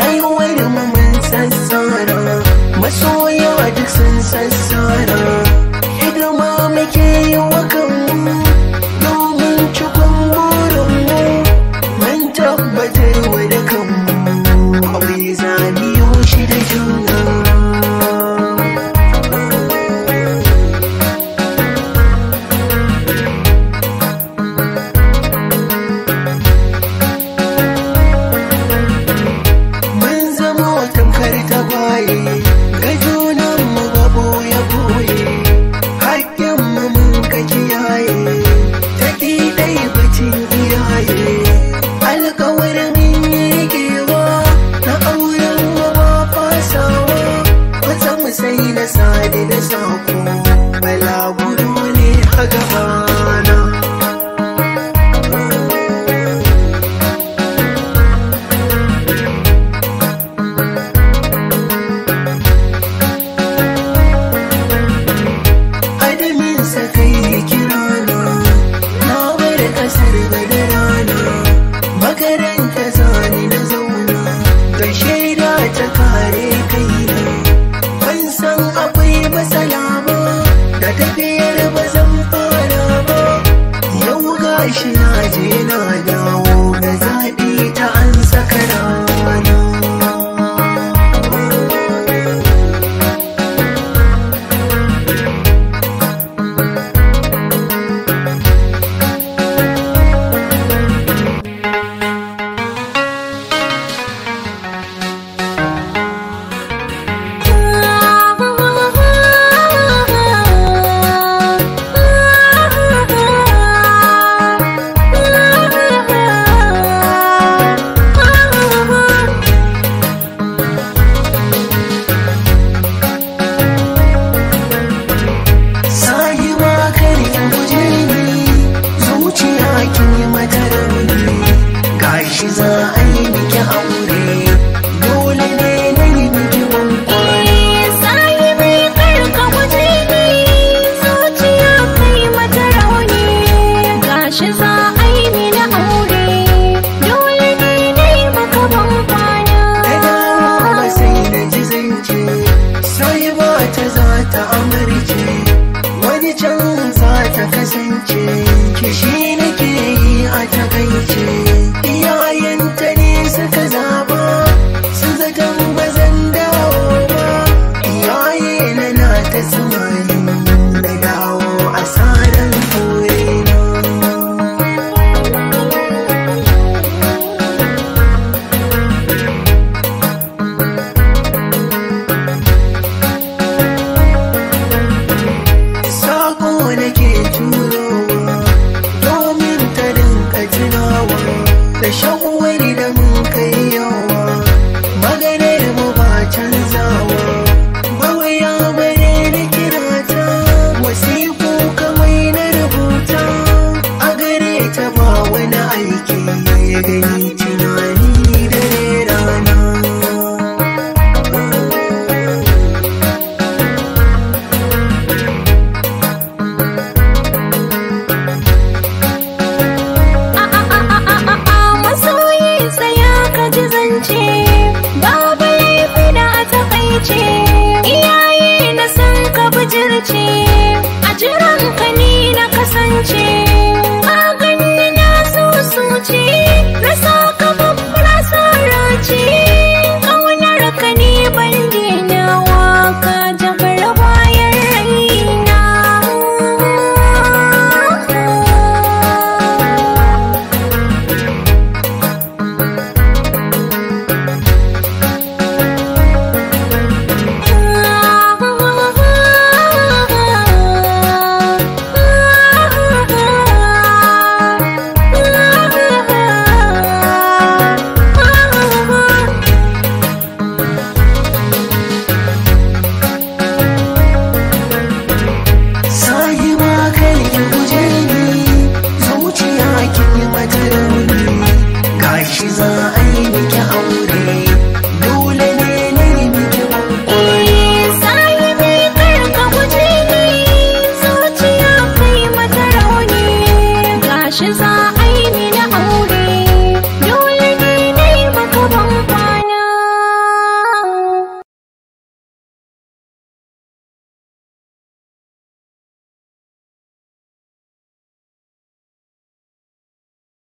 Today sa ai miki aure dole ne na yi miki wankwani eh, sai mai karka guje ne zuciya kai mata rauni gashi za a yi mini aure dole ne na yi maka bankwani daga ba sai na ji zance sai ba ta za ta amurce wani can get you change.